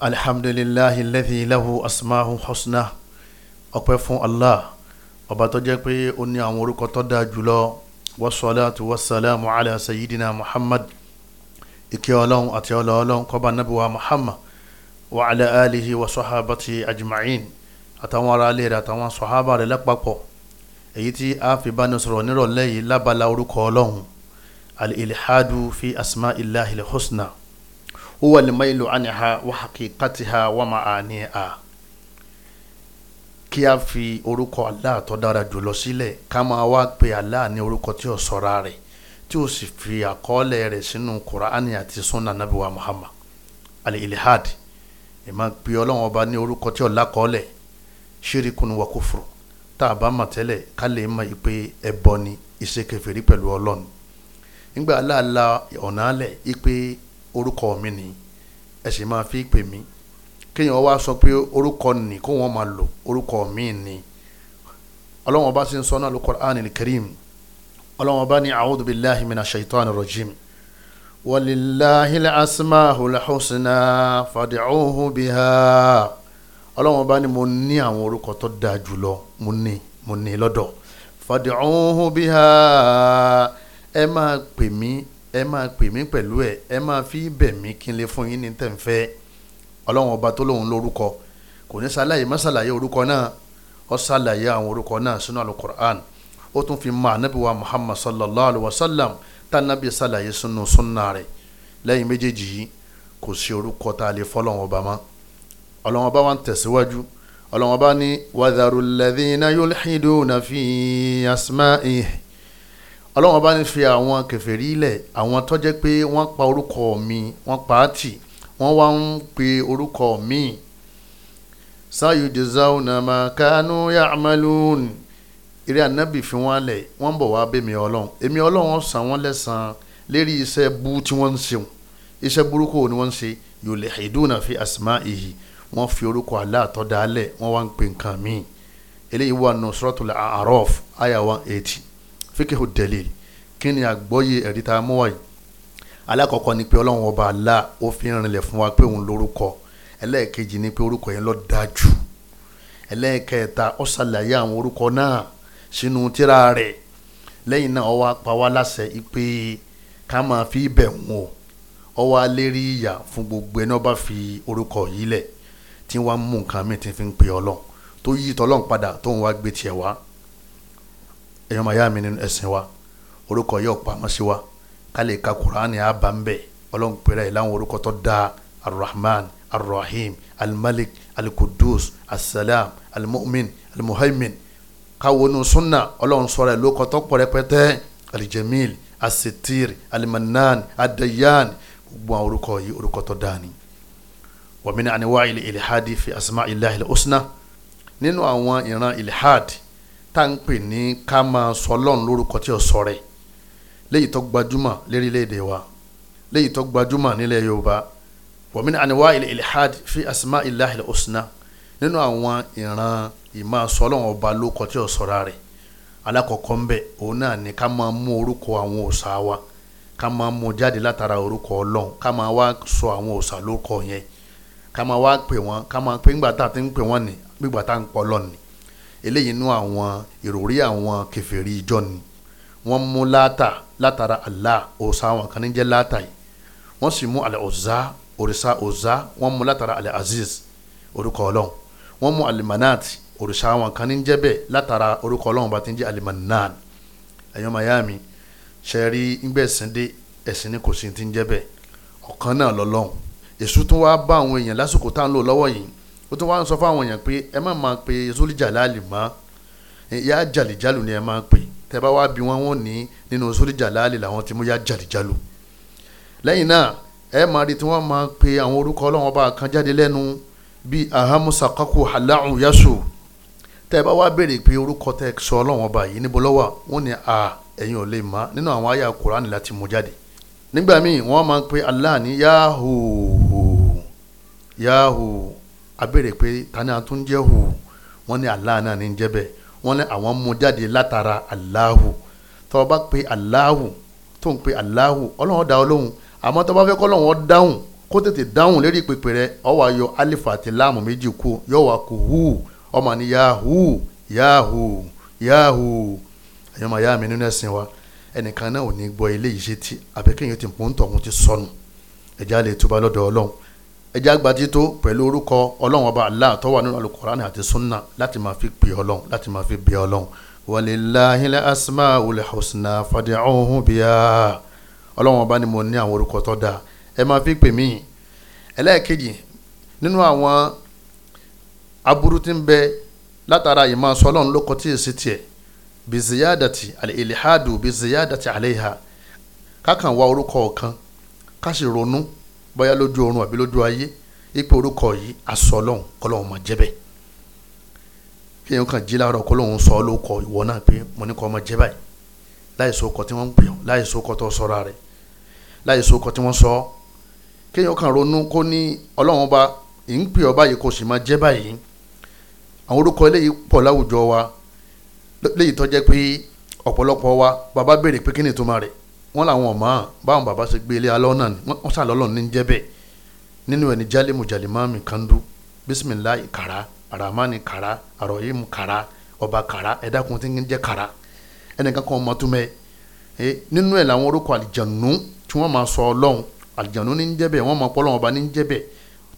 alhamdulillahi alladhi lahu asma'u husna ọpẹ́ fún allah ọba tó jẹ́ pé ó ní àwọn orúkọ tó dáa jùlọ wasalaatu wasalaamu ala sayidina muhammad ìkẹ́ ọlọ́run àti ọlọ́ọ̀lọ́run kọ́ba nabi wa muhammad wa ala alihi wa sahabati ajma'in àtàwọn ará ilé rẹ̀ àtàwọn sahaba rẹ̀ lápapọ̀ èyí tí a fi bá ní sọ̀rọ̀ nírọ̀lẹ́ yìí lábala orúkọ ọlọ́run al fi asma ilahi al-husna. al al huwa al-mailu anha wa haqiqatiha wa ma'aniha kí a fi orúkọ Allah tó dára jùlọ sílẹ̀ ká máa wá pe Allah ní orúkọ tí ó sọra rẹ̀ tí ó sì fi àkọọ́lẹ̀ rẹ̀ sínú Kùránì àti sunna nabi Muhammad al-ilhad ìmọ̀ pe ọlọ́run ọba ní orúkọ tí ó lákọọ́lẹ̀ ṣírìkùn wa kúfùrù tá a bá mọ̀ tẹ́lẹ̀ ká lè mọ̀ ìpè ẹ̀bọ ni ìṣe kèfèrí pẹ̀lú ọlọ́run nígbà aláàlá ọ̀nà alẹ̀ ìpè orúkọ mi ni ẹ sì máa fi pè mí kéèyàn wá sọ pé orúkọ nì kó wọn máa lò orúkọ mi ni ọlọ́wọ́n bá ti ń sọ náà ló Qur'anil Karim ọlọ́wọ́n bá ní a'udhu billahi minash shaitanir rajim walillahil asma'ul husna fad'uhu biha ọlọ́wọ́n bá ní mo ní àwọn orúkọ tó dáa jùlọ mo ní mo ní lọ́dọ̀ fad'uhu ẹ máa pè mí ẹ máa pè mí pẹ̀lú ẹ̀ ẹ máa fi bẹ̀ mí kí n lè fún yín ní tẹ̀ǹfẹ́ ọlọ́run ọba tó lóun lórúkọ kò ní ṣàlàyé má ṣàlàyé orúkọ náà ó ṣàlàyé àwọn orúkọ náà sínú alukur'an ó tún fi máa nábì wa muhammad sallallahu alayhi wa sallam tá nábì ṣàlàyé sínú súnà rẹ̀ lẹ́yìn méjèèjì yìí kò sí orúkọ tá a lè fọ́lọ́run ọba mọ́ ọlọ́run ọba wa ń tẹ̀síwájú ọlọ́run ọba ní wàdàrú alladhina yulhiduna fi asma'ihi ọlọ́run bá ní fi àwọn kèfèrí lẹ̀ àwọn tó jẹ́ pé wọ́n pa orúkọ mi wọ́n pa á tì wọ́n wá ń pe orúkọ mi sayujzauna ma kanu ya'malun eré anábì fi wọ́n lẹ̀ wọ́n bọ̀ wá bẹ́ẹ̀ mi ọlọ́run èmi ọlọ́run san wọ́n lẹ́sàn-án lérí iṣẹ́ bú tí wọ́n ń ṣeun iṣẹ́ burúkú ni wọ́n ń ṣe yulhiduna fi asma'ihi wọ́n fi orúkọ Allah wọ́n wá ń pe nǹkan míì eléyìí wà nù suratul A'raf àyà one eighty fíkìhù dẹ̀lì kí ni àgbọ́yé ẹ̀rí tá a mú wáyé alákọ̀ọ́kọ́ ni pé ọlọ́run ọba àlá ó fi rinlẹ̀ fún wa pé òun lórúkọ ẹlẹ́ẹ̀kejì ni pé orúkọ yẹn ló dáa jù ẹlẹ́ẹ̀kẹta ó ṣàlàyé àwọn orúkọ náà sínú tírà rẹ̀ lẹ́yìn náà ó wá pa wá láṣẹ pé ká máa fi bẹ̀ wọ́n ó wá lérí ìyà fún gbogbo ẹni ó fi orúkọ yìí lẹ̀ tí wọ́n mú nǹkan mìíràn tí fi ń pè ọlọ́run tó yí tọ́lọ́run padà tóun wá gbé tiẹ̀ wá ẹ̀yọ́ màá yá mi nínú ẹ̀sìn wa orúkọ yóò pamọ́ sí wa ká lè ka kuraani àbá ń bẹ̀ ọlọ́run pèrè ẹ̀ láwọn orúkọ tó dáa arrahman arrahim almalik alikudus asalam almu'min almuhaimin káwọnù sunna ọlọ́run sọ̀rọ̀ ẹ̀ lóko tó pọ̀rẹ́pẹ́tẹ́ alijamil asitir alimanan adayan gbogbo àwọn orúkọ yìí orúkọ tó dáa ni wàmínà àníwá ilẹ̀ ilẹ̀ hadi fi asma ilahi al-husna nínú àwọn ìran ilẹ̀ hadi tá à ń pè ní ká máa sọ ọlọ́run lórúkọ tí ò sọ rẹ̀ léyìí tó gbajúmọ̀ lérílẹ̀‐èdè wa léyìí tó gbajúmọ̀ nílẹ̀ yorùbá wa min anwa ilẹ̀ ilhad fi asma ilah al-husna nínú àwọn ìran ìmọ̀ sọ ọlọ́run ọba lórúkọ tí ò sọ̀ra rẹ̀ alákọ̀ọ́kọ́ ń bẹ̀ òun náà ni ká máa mú orúkọ àwọn òòṣà wa ká máa mú jáde látara orúkọ ọlọ́run ká máa wá sọ àwọn òòṣà lórúkọ yẹn ká máa wá pè wọ́n ká máa pè ńgbà tá a ti ń pè wọ́n ní gbígbà tá a ń pọ̀ lọ́ọ̀ eléyìí inú àwọn ìròrí àwọn kèfèrí ìjọ ni wọ́n mú láàtà látara Allah òòṣà àwọn kan ní jẹ́ láàtà yìí wọ́n sì mú alẹ́ ọ̀zá òrìṣà ọ̀zá wọ́n mú látara alẹ́ aziz orúkọ ọlọ́run wọ́n mú alimanat òrìṣà àwọn kan ní jẹ́ bẹ́ẹ̀ látara orúkọ ọlọ́run bá ti ń jẹ́ alimanan ẹ̀yọ́ mayami ṣẹ́ẹ́rí ńgbẹ̀sìn dé ẹ̀sìn ni kò sí ti ń jẹ́ bẹ́ẹ̀ ọ̀kan náà lọ́lọ́run èṣù tún wá bá àwọn ó tún wá ń sọ fáwọn èèyàn pé ẹ má máa pe zoli jalali mọ́ ya jalijalu ni ẹ máa pe tẹ bá wá bí wọn wọn ní nínú zoli jalali làwọn ti mú ya jalijalu lẹ́yìn náà ẹ máa rí tí wọ́n máa pe àwọn orúkọ ọlọ́wọ́n bá kan jáde lẹ́nu bíi ahamusa kaku halahu yasu tẹ bá wá béèrè pé orúkọ tẹ sọ ọlọ́wọ́n bá yìí níbo lọ́wọ́ wọn ni a ẹ̀yin ò lè mọ̀ nínú àwọn àyà Kùránì láti mú jáde nígbà míì wọ́n máa pe Allah yahoo yahoo a pé tani a tún jẹ́ hù wọ́n ní Allah náà ní jẹ́ bẹ́ẹ̀ wọ́n ní àwọn mú jáde látara Allahu tó bá pe Allahu tó ń pe Allahu ọlọ́run dá ọlọ́run àmọ́ tó bá fẹ́ kọ́ ọlọ́run dáhùn kó tètè dáhùn lérí pèpè rẹ ó wá yọ alifa àti láàmù méjì kú yóò wá kú hù ọmọ ní yahu yahu yahu ẹ̀yọ́ màá yá mi nínú ẹ̀sìn wa ẹnìkan náà ò ní gbọ́ eléyìí ṣe ti àbẹ́kẹ́yìn ti pọ́ńtọ̀ ọ̀hún ti sọnù ẹ̀já lè tuba lọ́dọ̀ ọlọ́run ẹjẹ́ àgbà tító pẹ̀lú orúkọ ọlọ́run ọba Allah tó wà nínú alukurani àti sunna láti máa fi pè ọlọ́run láti máa fi bẹ ọlọ́run walillahil asmaul husna fad'uhu biha ọlọ́run ọba ni mo ní àwọn orúkọ tó dáa ẹ máa fi pè mí ẹlẹ́ẹ̀kejì nínú àwọn aburú tí ń bẹ látara ìmọ̀ sọlọ́run ló kọ tí èsì tiẹ̀ biziyadati al-ilhadu biziyadati alayha kákan wá orúkọ ọ̀kan ká sì ronú bóyá lójú oorun àbí lójú ayé ipò orúkọ yìí aṣọ ọlọ́run kọlọ́run máa jẹ́ bẹ́ẹ̀ kí èèyàn kàn jí láàárọ̀ kọlọ́run sọ ọ́ lóko ìwọ náà pé mo ní kọ́ ọmọ jẹ́ báyìí láì so ọkọ̀ tí wọ́n ń pè ọ́ láì so ọkọ̀ tó sọ́ra rẹ̀ láì so ọkọ̀ tí wọ́n sọ ọ́ kí èèyàn kàn ronú kó ní ọlọ́run ọba ń pè ọ́ báyìí kó sì máa jẹ́ báyìí àwọn orúkọ eléyìí pọ̀ láwùjọ wa léyìí tó jẹ́ pé ọ̀pọ̀lọpọ̀ wa bàbá béèrè pé kí ni ìtumọ̀ rẹ̀ wọ́n làwọn ọ̀mọ́ báwọn bàbá ṣe gbé ilé alọ́ náà wọ́n sà lọ́lọ́ ní jẹ́ nínú ẹni jálẹ̀mù jàlímáàmì kandu bisimilayi kara aramani kara arọ̀yìmù kara ọba kara ẹ̀dákun tí ń jẹ́ kara ẹnìkan kan ọmọ túmẹ̀ ẹ nínú ẹ̀ làwọn orúkọ àlìjànú tí wọ́n máa sọ ọlọ́run àlìjànú ní jẹ́ bẹ́ẹ̀ wọ́n máa pọ́ lọ́wọ́n ọba ní jẹ́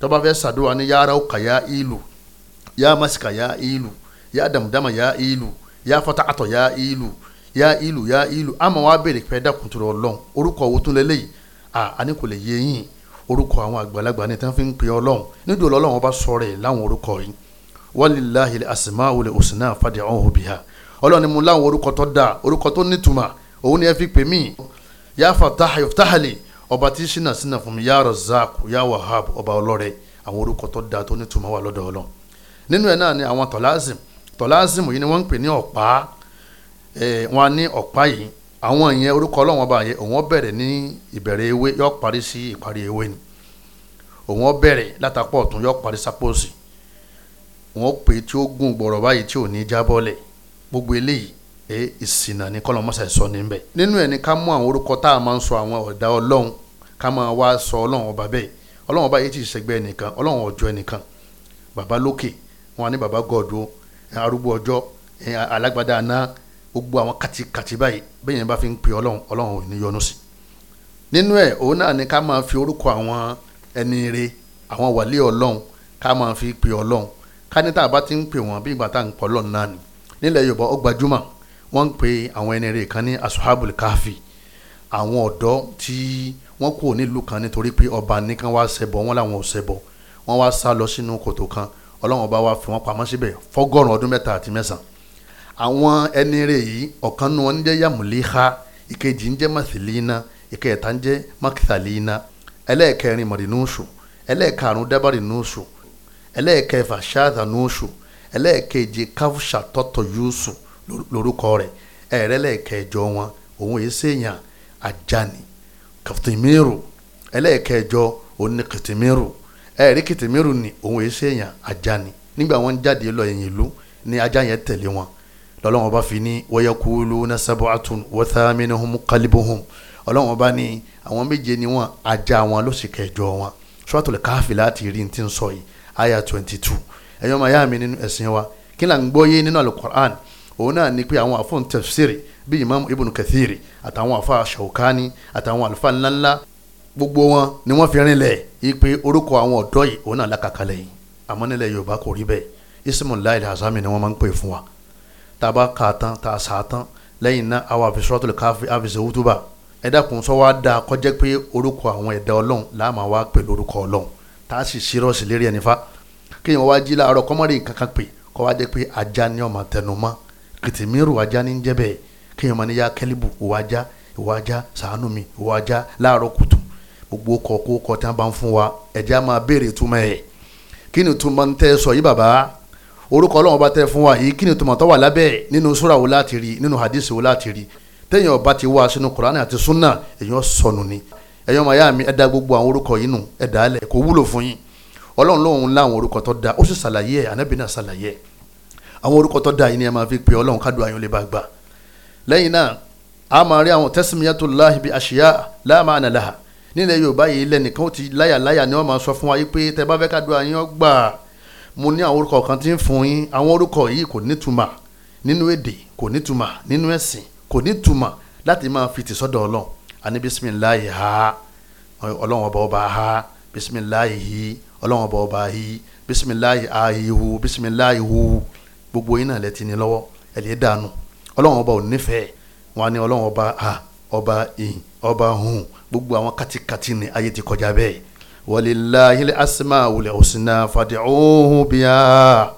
tọ́ba fẹ́ sàdúrà ní yàrá masika yá ìlú yá dàmùdàmà yá ìlú yá fọ́tà àtọ̀ yá ìlú yá ìlú yá ìlú àmọ́ wàá béèrè pé dákun tó rọ ọlọ́run orúkọ wo tún lélẹ́yìí àní kò lè yé yín orúkọ àwọn àgbàlagbà ni tán fi ń pe ọlọ́run nídìí ọlọ́run ọba sọ̀rọ̀ ẹ̀ láwọn orúkọ yìí walillahil asmaul husna fad'uhu biha ọlọ́run ni mo láwọn orúkọ tó dáa orúkọ tó nítumọ̀ òun ni ẹ fi pè mí yá fatah iftahli ọba tí sinà sinà fún mi yá razaq yá wahab ọba ọlọ́rẹ àwọn orúkọ tó dáa tó nítumọ̀ wà lọ́dọ̀ ọlọ́run nínú ẹ̀ náà ni àwọn tọ́lázìm tọ́lázìm yìí ni wọ́n ń pè ní ọ̀pá wọn a ní ọ̀pá yìí àwọn ìyẹn orúkọ ọlọ́run ọba yẹn òun bẹ̀rẹ̀ ní ìbẹ̀rẹ̀ ewé yọ parí sí ìparí ewé ni òun bẹ̀rẹ̀ látàpọ̀ ọ̀tún yọ parí sápòsì wọn pè tí ó gùn gbọ̀rọ̀ gbogbo eléyìí ẹ ìsìnà ní sọ nínú ẹ̀ ní ká mú àwọn orúkọ a máa ń sọ ọ̀dà ọlọ́run ká máa wá sọ ọlọ́run ọba bẹ́ẹ̀ ọlọ́run ọba yìí ti ṣẹgbẹ́ ẹnìkan gbogbo àwọn kàtìkàtì báyìí bẹ́ẹ̀ yẹn bá fi ń pè ọlọ́run ọlọ́run ò ní sí nínú ẹ̀ òun náà ni ká máa fi orúkọ àwọn ẹni re àwọn wàlíì ọlọ́run ká máa fi pè ọlọ́run ká ní tá a bá ti ń pè wọ́n bí ìgbà tá à ń pọ̀ ọlọ́run náà ni nílẹ̀ yorùbá ó gbajúmọ̀ wọ́n ń pe àwọn ẹni re kan ní asuhabul káfí àwọn ọ̀dọ́ tí wọ́n kúrò nílùú kan nítorí pé ọba nìkan wá ṣẹbọ wọn làwọn ò ṣẹbọ wọn wá sá lọ sínú kòtò kan ọlọ́run ọba wá fi wọn pamọ́ síbẹ̀ fọ́gọ́rùn ọdún mẹ́ta àti mẹ́sàn-án àwọn ẹni rẹ̀ yìí ọ̀kan nu wọn ń jẹ́ yamuliha ìkejì ń jẹ́ masilina ìkẹta ń jẹ́ makisalina ẹlẹ́ẹ̀kẹrin mọ̀rìnúṣù ẹlẹ́ẹ̀karùn dábàrìnúṣù ẹlẹ́ẹ̀kẹfà ṣáàdánúṣù ẹlẹ́ẹ̀keje káfùṣà tọ́tọ̀ yúṣù lórúkọ rẹ̀ ẹ̀rẹ́lẹ́ẹ̀kẹjọ wọn òun yìí sèyàn ajani kìtìmírù ẹlẹ́ẹ̀kẹjọ òun ni kìtìmírù ẹ̀rí kìtìmírù ni òun yìí sèyàn ajani nígbà wọn jáde lọ ẹ̀yìn ìlú ni ajá yẹn tẹ̀lé wọn lọ́lọ́wọ́n bá fi ní wayakuluna sab'atun wa thaminuhum qalbuhum ọlọ́wọ́n bá ní àwọn méje ni wọ́n ajá wọn ló sì kẹjọ wọn Suratul Kahfi láti rí ní ti ń sọ yìí aya twenty two ẹ̀yọ́ máa yá mi nínú ẹ̀sìn wa kí là ń gbọ́ yé nínú alukur'an òun náà ni pé àwọn àfọ̀n tafsiri bíi imam ibn kathiri àtàwọn àfa shaukani àtàwọn àlùfáà ńláńlá gbogbo wọn ni wọ́n fi rinlẹ̀ yìí pé orúkọ àwọn ọ̀dọ́ yìí òun náà lákàkalẹ̀ yìí àmọ́ nílẹ̀ yorùbá kò rí bẹ́ẹ̀ ismu azami ni wọ́n máa ń pè fún wa Taba a bá kà á tán tá a sà á tán lẹ́yìn náà àwọn àfisọ́tò lè ká àfisẹ́ wútúbà ẹ̀dá kun sọ wá dáa kọjá pé orúkọ àwọn ẹ̀dá ọlọ́run láàmà wá pè lórúkọ ọlọ́run tá a sì sírọ́ọ̀sì lérí ẹni fa kéèyàn wá jí láàárọ̀ kọ́mọ́rì kankan pè kọ́ wá jẹ́ pé ajá ni ọmọ tẹnumọ́ kìtìmírù ajá ní jẹ́ kéèyàn máa ní yá kẹ́líbù òwò ajá ìwọ mi ìwọ láàárọ̀ kùtù gbogbo kọ̀ọ̀kọ̀ tí wọ́n bá ń fún wa ẹ̀já máa béèrè túmọ̀ ẹ̀ kí ni túmọ̀ ń tẹ́ sọ yí bàbá orúkọ ọlọ́run ọba tẹ́ fún wa yìí kí ni tòmọ̀ tó wà lábẹ́ nínú súra wo láti rí nínú hadith wo láti rí tẹ́yìn ọba ti wá sínú kùránì àti súnà èèyàn sọnù ni ẹ̀yọ́ ọmọ ayá mi ẹ̀dá gbogbo àwọn orúkọ yìí nù ẹ̀dá alẹ̀ kò wúlò fún yín ọlọ́run lóun láwọn orúkọ tó da ó sì ṣàlàyé ẹ̀ ànábì náà ṣàlàyé ẹ̀ àwọn orúkọ tó da yìí ni ẹ máa fi pe ọlọ́run kádùn mo ní àwọn orúkọ kan tí ń fún yín àwọn orúkọ yìí kò nítumọ̀ nínú èdè kò nítumọ̀ nínú ẹ̀sìn kò nítumọ̀ láti máa fi tìsọ́dọ̀ ọlọ́run àní bisimilayi ha ọlọ́run ọba ọba ha bisimilayi hi ọlọ́run ọba ọba hi bisimilayi ahihu bisimilayi hu gbogbo yín náà lẹ́tì ní lọ́wọ́ ẹ̀lẹ́ dànù ọlọ́run ọba ò nífẹ̀ẹ́ wọn ni ọlọ́run ọba ha ọba hin ọba hun gbogbo àwọn kátikáti ní ayé ti kọjá bẹ́ẹ̀ ولله الأسماء الحسنى فادعوه بها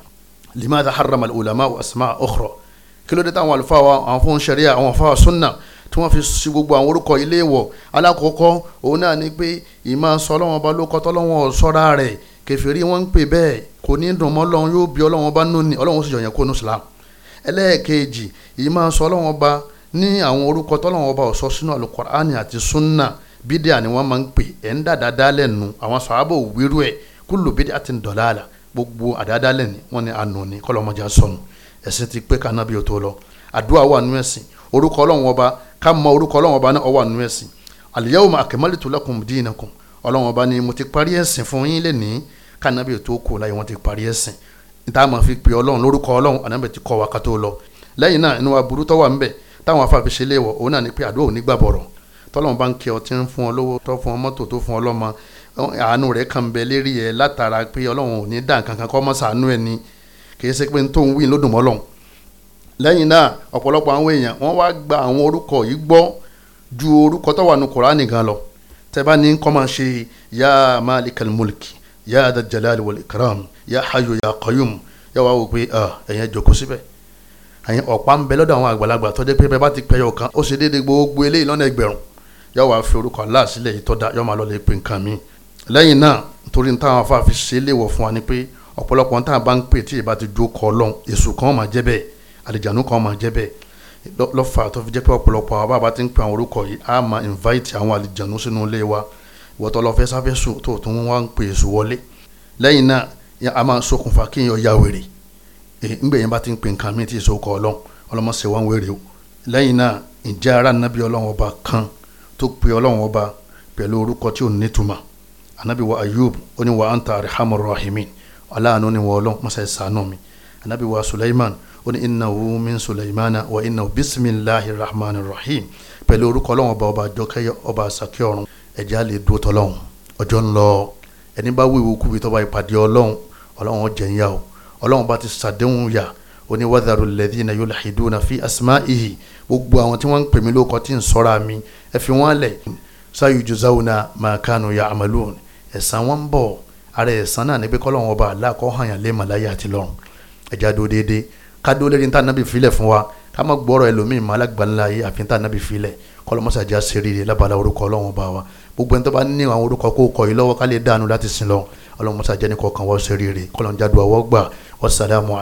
لماذا حرم العلماء أسماء أخرى كل ده dé táwọn àlùfáà شريعة àwọn سنة ṣẹ̀ríà àwọn àfáà súnà tí wọ́n fi ṣi gbogbo àwọn orúkọ ilé ìwọ̀ alákọ̀ọ́kọ́ òun náà ni pé ìmọ̀ sọ ọlọ́wọ́n ọba ló kọ́ tọ́lọ́wọ́n sọ́ra rẹ̀ kẹfìrí wọn ń pè bẹ́ẹ̀ kò ní dùn mọ́ ọlọ́run yóò bí ọlọ́wọ́n ọba nù ní ọlọ́wọ́n sì jọyàn kó nù sílám ẹlẹ́ẹ̀kejì ìmọ̀ sọ ọlọ́wọ́n ní àwọn orúkọ tọ́lọ́wọ́n ọba ọ̀sọ́ sínú àlùkùránì àti súnà bídíà ni wọ́n máa ń pè ẹ̀ ń dàda dálẹ̀ nu àwọn sàábò wíru ẹ̀ kúlù bídíà ti ń dọ̀lá àlà gbogbo àdádálẹ̀ ni wọ́n ní àánú ni kọ́lọ́mọjà sọnù ẹ̀sìn ti pé kaná bí o tó lọ àdúrà wà nú ẹ̀sìn orúkọ ọlọ́run ọba ká mọ orúkọ ọlọ́run ọba náà ọwà nú ẹ̀sìn al-yawma akmaltu lakum dinakum ọlọ́run ọba ni mo ti parí ẹ̀sìn fún yín lẹ́ni kaná bí o tó kù láyé wọ́n ti parí ẹ̀sìn níta máa fi pe ọlọ́run lórúkọ ọlọ́run ànábẹ̀ ti kọ́ wa lọ lẹ́yìn náà inú wa burú tọ́wà ńbẹ̀ táwọn afáfiṣe léwọ̀ òun náà ni pé àdúrà ò tọ́lọ́run bá ń kí ọ tí ń fún ọ lówó tó fún ọ mọ́tò tó fún ọ lọ́mọ àánú rẹ̀ kàn bẹ lérí ẹ látara pé ọlọ́run ò ní dà kankan kọ́ mọ́ sàánú ẹ ni kì í ṣe pé tó ń wí ló dùn mọ́ lọ́hùn lẹ́yìn náà ọ̀pọ̀lọpọ̀ àwọn èèyàn wọ́n wá gba àwọn orúkọ yìí gbọ́ ju orúkọ tó wà ní kùránì gan lọ tẹ́ bá ní kọ́ máa ṣe ya malikal mulki ya adal jalali ya hayo ya qayyum yà wá wò pé ẹ̀yẹn jòkó síbẹ̀ ẹ̀yìn ọ̀pá ń bẹ lọ́dọ̀ àwọn àgbàlagbà tó jẹ́ pé bẹ́ẹ̀ bá ti pẹ́yọ̀ kan ó ṣe déédéé gbogbo eléyìí lọ́nà ẹgbẹ̀rún yọ wá fi orúkọ Allah sílẹ̀ yìí tọ́da yọ máa lọ lè pe nǹkan mi lẹ́yìn náà nítorí táwọn afá fi ṣe é léwọ̀ fún wa ni pé ọ̀pọ̀lọpọ̀ tá a bá ń pè tí ìbá ti ju ọkọ̀ ọlọ́run èṣù kan máa jẹ́ bẹ́ẹ̀ àlìjànú kan máa jẹ́ bẹ́ẹ̀ lọ́fà tó fi jẹ́ pé ọ̀pọ̀lọpọ̀ àwọn bàbá ti ń pe àwọn orúkọ yìí á máa invite àwọn àlìjànú sínú ilé wa ìwọ́tọ̀ lọ́fẹ́ sáfẹ́ tó tún lẹ́yìn náà a ya wèrè ńgbẹ̀yìn bá ti ń pe nǹkan míì tí èso kọ ọlọ́run ọlọ́mọ ṣe wá ń wèrè ara nàbí ọlọ́run ọba kan tó pe ọlọ́run ọba pẹ̀lú orúkọ tí ò nítumọ̀ anabi wa ayub ó anta arhamur rahimin aláàánú ni wọ́n ọlọ́run mọ́sá ẹ̀ sànú mi anabi wa suleiman ó ní innahu min suleimana wa innahu bisimilahi rahmanir rahim pẹ̀lú orúkọ ọlọ́run ọba ọba àjọkẹ́ ọba àsàkẹ́ ọ̀run ẹ̀já lè dúró tọ́lọ́run ọjọ́ ń lọ ẹni bá wíwo kúbi tó bá ìpàdé ọlọ́run ọlọ́run ọjẹ́ ń yá o ọlọ́run bá ti sàdéhùn yà ó ní wadharu alladhina yulhiduna fi asma'ihi gbogbo àwọn tí wọ́n ń pè mí lóko tí ń sọ́ra mi ẹ fi wọ́n lẹ̀ sáyù jùzáwùnà màkánù ya àmàlùn ẹ̀san wọn ń bọ̀ ara ẹ̀san náà níbi kọ́ lọ́wọ́ ọba aláàkọ́ hàn yàn lé màláyà àti lọ́run ẹja dó déédéé ká dó lérí níta nàbì filẹ̀ fún wa ká má gbọ́rọ̀ ẹlòmíì má alágbàńlá yìí àfi níta nàbì filẹ̀ kọ́lọ́mọ́sá já sẹ́rí rẹ̀ lábala orúkọ ọlọ́wọ́n bá wa gbogbo ẹni tó bá ní àwọn orúkọ kó kọ yìí lọ́wọ́ ká lè dànù láti sin lọ ọlọ́mọ́sá jẹ́ ní kọ̀ọ̀kan wọ́n sẹ́rí rẹ̀ dùn àwọ̀ gbà wassalamu